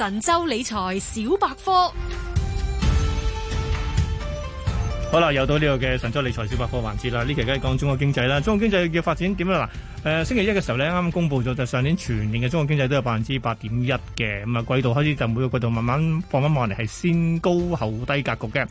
神州理財小百科，好啦，又到呢個嘅神州理財小百科環節啦。呢期梗係講中國經濟啦。中國經濟嘅發展點樣？嗱，誒，星期一嘅時候咧，啱啱公布咗就上年全年嘅中國經濟都有百分之八點一嘅。咁、嗯、啊，季度開始就每個季度慢慢放翻落嚟，係先高後低格局嘅。咁、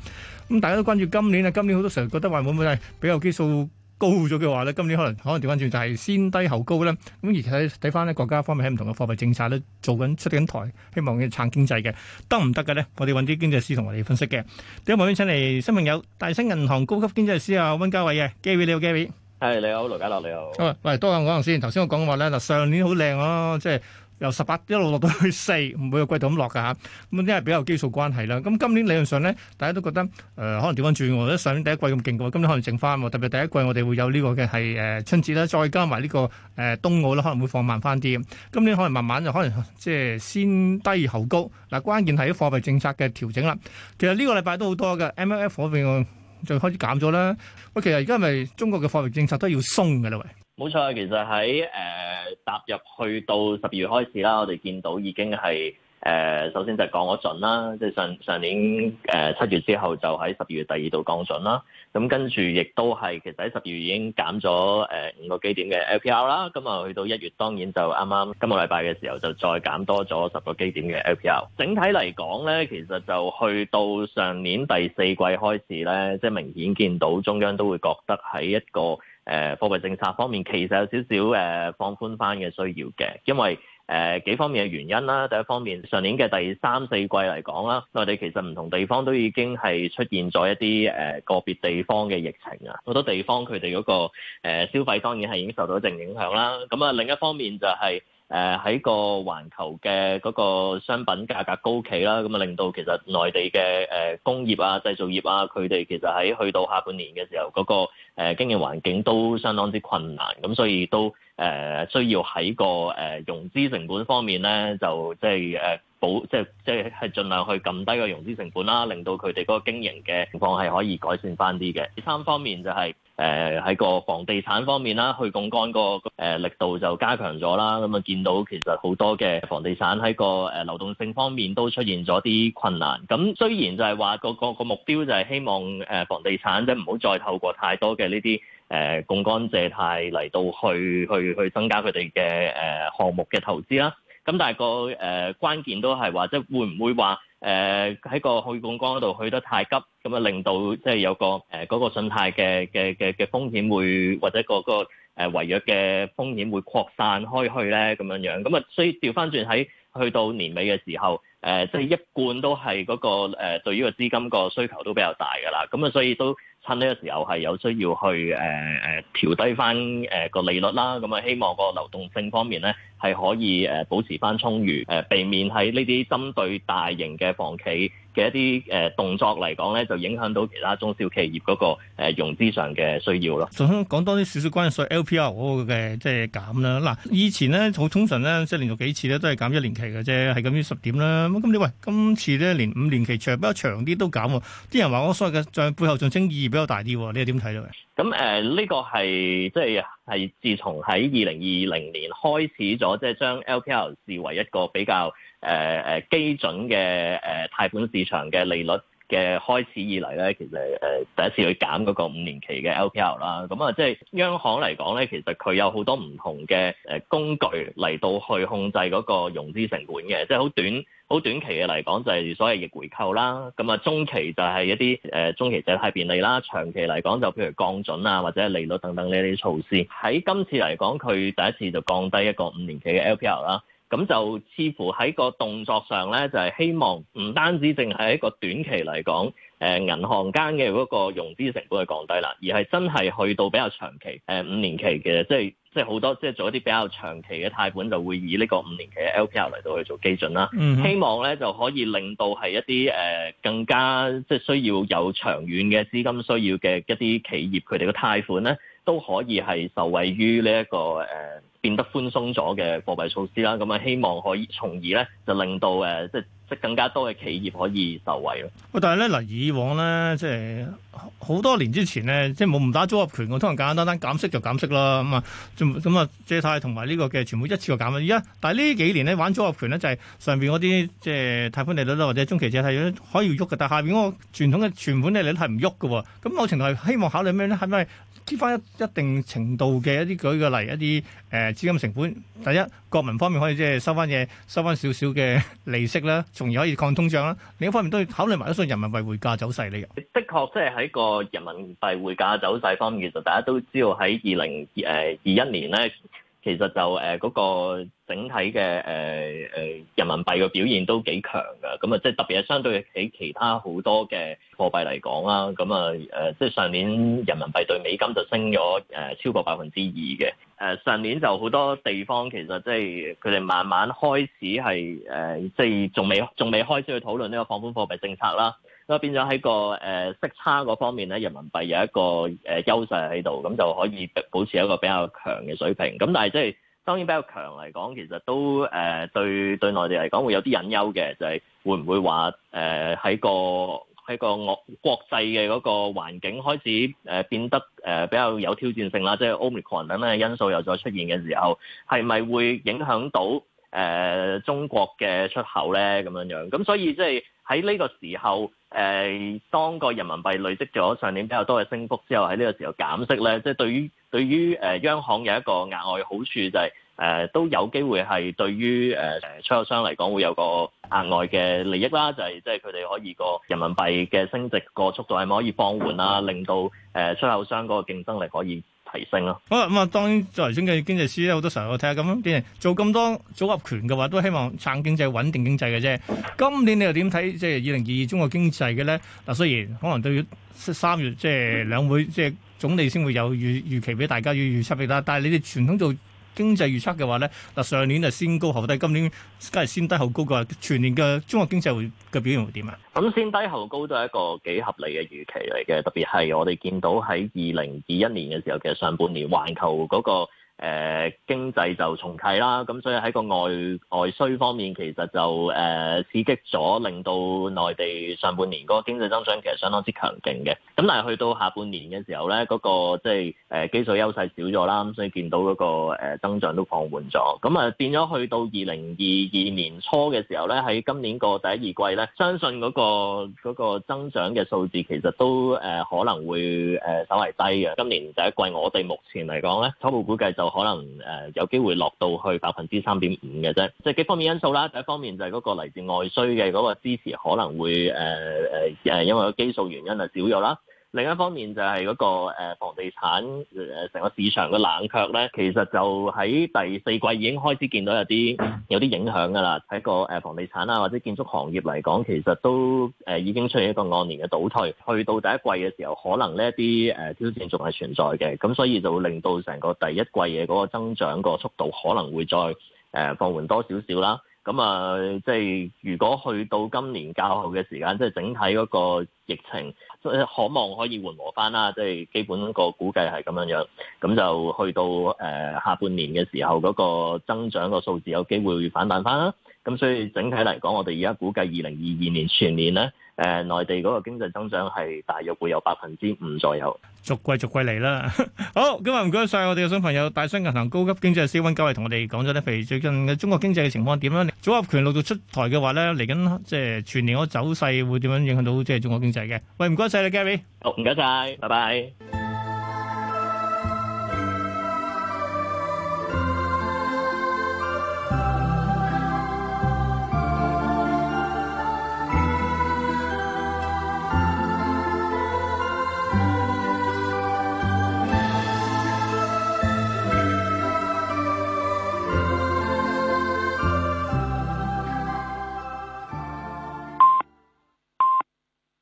嗯、大家都關注今年啊，今年好多時候覺得話會唔會係比較基數？高咗嘅話咧，今年可能可能調翻轉，就係先低後高啦。咁而睇睇翻咧，看看國家方面喺唔同嘅貨幣政策咧，做緊出緊台，希望嘅撐經濟嘅，得唔得嘅呢？我哋揾啲經濟師同我哋分析嘅。第一部分請嚟新聞友大新銀行高級經濟師啊，溫嘉煒嘅，Gary 你好 Gary？係你好，劉家樂你好。喂，多謝我講先。頭先我講話呢，嗱上年好靚啊，即係。由十八一路落到去四，每個季度咁落㗎嚇，咁啲係比較基數關係啦。咁今年理論上咧，大家都覺得誒、呃，可能調翻轉即係上年第一季咁勁㗎，今年可能剩翻喎，特別第一季我哋會有呢個嘅係誒春節啦，再加埋呢、呢個誒、呃、冬奧啦，可能會放慢翻啲。咁今年可能慢慢就可能即係先低後高。嗱、啊，關鍵係啲貨幣政策嘅調整啦。其實呢個禮拜都好多嘅，MLF 嗰邊就開始減咗啦。喂、啊，其實而家係咪中國嘅貨幣政策都要鬆㗎啦，喂。冇錯，其實喺誒。Uh 踏入去到十二月開始啦，我哋見到已經係誒、呃，首先就係降咗準啦，即係上上年誒七月之後就喺十二月第二度降準啦。咁跟住亦都係其實喺十二月已經減咗誒五個基點嘅 LPR 啦。咁啊，去到一月當然就啱啱今個禮拜嘅時候就再減多咗十個基點嘅 LPR。整體嚟講咧，其實就去到上年第四季開始咧，即係明顯見到中央都會覺得喺一個。誒、呃、貨幣政策方面其實有少少誒、呃、放寬翻嘅需要嘅，因為誒、呃、幾方面嘅原因啦。第一方面，上年嘅第三四季嚟講啦，內地其實唔同地方都已經係出現咗一啲誒、呃、個別地方嘅疫情啊，好多地方佢哋嗰個、呃、消費當然係已經受到一定影響啦。咁、嗯、啊另一方面就係、是。誒喺、呃、個環球嘅嗰個商品價格高企啦，咁、嗯、啊令到其實內地嘅誒、呃、工業啊、製造業啊，佢哋其實喺去到下半年嘅時候，嗰、那個誒、呃、經營環境都相當之困難，咁所以都誒、呃、需要喺個誒、呃、融資成本方面咧，就即係誒保，即係即係係盡量去撳低個融資成本啦，令到佢哋嗰個經營嘅情況係可以改善翻啲嘅。第三方面就係、是。誒喺、呃、個房地產方面啦，去槓桿個誒力度就加強咗啦。咁、嗯、啊，見到其實好多嘅房地產喺個誒、呃、流動性方面都出現咗啲困難。咁、嗯、雖然就係話個個，個目標就係希望誒、呃、房地產即係唔好再透過太多嘅呢啲誒槓桿借貸嚟到去去去增加佢哋嘅誒項目嘅投資啦。咁、嗯、但係個誒、呃、關鍵都係話，即係會唔會話，誒喺、呃、個去槓桿嗰度去得太急，咁啊令到即係有個誒嗰、呃那個信貸嘅嘅嘅嘅風險會或者、那個個誒違約嘅風險會擴散開去咧，咁樣樣咁啊，所以調返轉喺去到年尾嘅時候，誒即係一貫都係嗰、那個誒、呃、對於個資金個需求都比較大㗎喇，咁啊所以都趁呢個時候係有需要去誒誒、呃、調低返誒個利率啦，咁啊希望個流動性方面咧。係可以誒保持翻充裕誒，避免喺呢啲針對大型嘅房企嘅一啲誒動作嚟講咧，就影響到其他中小企業嗰個融資上嘅需要咯。想講多啲少少關於所謂 LPR 嗰個嘅即係減啦。嗱，以前咧好通常咧，即係連續幾次咧都係減一年期嘅啫，係咁於十點啦。咁你喂，今次咧連五年期長比較長啲都減，啲人話我所謂嘅在背後象徵意義比較大啲，你又點睇到嘅？咁誒呢個係即係係自從喺二零二零年開始咗，即係將 LPR 視為一個比較誒誒、呃、基準嘅誒貸款市場嘅利率。嘅開始以嚟咧，其實誒、呃、第一次去減嗰個五年期嘅 LPR 啦。咁、嗯、啊，即係央行嚟講咧，其實佢有好多唔同嘅誒工具嚟到去控制嗰個融資成本嘅，即係好短、好短期嘅嚟講就係所謂逆回購啦。咁、嗯、啊，中期就係一啲誒、呃、中期就係便利啦。長期嚟講就譬如降準啊，或者利率等等呢啲措施。喺今次嚟講，佢第一次就降低一個五年期嘅 LPR 啦。咁就似乎喺個動作上咧，就係希望唔單止淨係一個短期嚟講，誒銀行間嘅嗰個融資成本係降低啦，而係真係去到比較長期，誒五年期嘅，即係即係好多即係做一啲比較長期嘅貸款，就會以呢個五年期嘅 LPR 嚟到去做基準啦。Mm hmm. 希望咧就可以令到係一啲誒更加即係需要有長遠嘅資金需要嘅一啲企業佢哋嘅貸款咧，都可以係受惠於呢一個誒變得寬鬆咗嘅貨幣措施啦。咁啊，希望可以從而咧就令到誒即係即更加多嘅企業可以受惠咯。喂，但係咧嗱，以往咧即係好多年之前咧，即係冇唔打組合拳我通常簡簡單單單減息就減息啦。咁啊，咁啊，借貸同埋呢個嘅全部一次過減啦。而家但係呢幾年咧玩組合拳咧，就係上邊嗰啲即係貸款利率啦或者中期借貸可以喐嘅，但係下邊嗰個傳統嘅存款利率係唔喐嘅喎。咁某程度係希望考慮咩咧？係咪？結翻一一定程度嘅一啲舉個例，一啲誒資金成本，第一國民方面可以即係收翻嘢，收翻少少嘅利息咧，從而可以抗通脹啦。另一方面都要考慮埋一啲人民幣匯價走勢呢個。的確，即係喺個人民幣匯價走勢方面，其實大家都知道喺二零誒二一年咧，其實就誒嗰個。整體嘅誒誒人民幣嘅表現都幾強嘅，咁啊，即係特別係相對起其他好多嘅貨幣嚟講啦，咁啊誒，即係上年人民幣對美金就升咗誒、呃、超過百分之二嘅，誒、呃、上年就好多地方其實即係佢哋慢慢開始係誒，即係仲未仲未開始去討論呢個放寬貨幣政策啦，咁啊變咗喺個誒、呃、息差嗰方面咧，人民幣有一個誒優勢喺度，咁、呃、就可以保持一個比較強嘅水平，咁但係即係。當然比較強嚟講，其實都誒、呃、對對內地嚟講會有啲隱憂嘅，就係、是、會唔會話誒喺個喺個國國際嘅嗰個環境開始誒變得誒比較有挑戰性啦，即係 Omicron 等等嘅因素又再出現嘅時候，係咪會影響到誒、呃、中國嘅出口咧？咁樣樣咁所以即係喺呢個時候誒、呃，當個人民幣累積咗上年比較多嘅升幅之後，喺呢個時候減息咧，即、就、係、是、對於。對於誒央行有一個額外好處就係誒都有機會係對於誒出口商嚟講會有個額外嘅利益啦，就係即係佢哋可以個人民幣嘅升值個速度係咪可以放緩啦、啊，令到誒出口商嗰個競爭力可以提升咯、啊。好啦，咁、嗯、啊當然作為經濟經濟師咧，好多時候我睇下咁啲人做咁多組合拳嘅話，都希望撐經濟、穩定經濟嘅啫。今年你又點睇即係二零二二中國經濟嘅咧？嗱，雖然可能到三月即係、就是、兩會即係。就是嗯總理先會有預預期俾大家，要預測俾啦。但係你哋傳統做經濟預測嘅話咧，嗱上年就先高後低，今年梗係先低後高嘅話。全年嘅中國經濟會嘅表現會點啊？咁先低後高都係一個幾合理嘅預期嚟嘅，特別係我哋見到喺二零二一年嘅時候其實上半年，環球嗰、那個。誒經濟就重啟啦，咁所以喺個外外需方面，其實就誒、呃、刺激咗，令到內地上半年嗰個經濟增長其實相當之強勁嘅。咁但係去到下半年嘅時候咧，嗰、那個即係誒、呃、基礎優勢少咗啦，咁所以見到嗰、那個、呃、增長都放緩咗。咁啊變咗去到二零二二年初嘅時候咧，喺今年個第一二季咧，相信嗰、那個那個增長嘅數字其實都誒、呃、可能會誒稍為低嘅。今年第一季我哋目前嚟講咧，初步估計就。可能誒、呃、有機會落到去百分之三點五嘅啫，即係幾方面因素啦。第一方面就係嗰個嚟自外需嘅嗰個支持可能會誒誒誒，因為個基數原因啊少咗啦。另一方面就係嗰個誒房地產誒成個市場嘅冷卻咧，其實就喺第四季已經開始見到有啲有啲影響㗎啦。喺個誒房地產啊或者建築行業嚟講，其實都誒已經出現一個按年嘅倒退，去到第一季嘅時候，可能呢一啲誒挑戰仲係存在嘅，咁所以就會令到成個第一季嘅嗰個增長個速度可能會再誒放緩多少少啦。咁啊、嗯，即係如果去到今年較後嘅時間，即係整體嗰個疫情，可望可以緩和翻啦。即係基本個估計係咁樣樣，咁就去到誒、呃、下半年嘅時候，嗰、那個增長個數字有機會反彈翻啦。咁所以整體嚟講，我哋而家估計二零二二年全年咧，誒、呃、內地嗰個經濟增長係大約會有百分之五左右。逐季逐季嚟啦。 好，今日唔該晒我哋嘅新朋友，大新銀行高級經濟師溫嘉煒同我哋講咗咧，譬如最近嘅中國經濟嘅情況點樣，組合拳陸續出台嘅話咧，嚟緊即係全年嗰個走勢會點樣影響到即係中國經濟嘅。喂，唔該晒你 Gary。好，唔該晒，拜拜。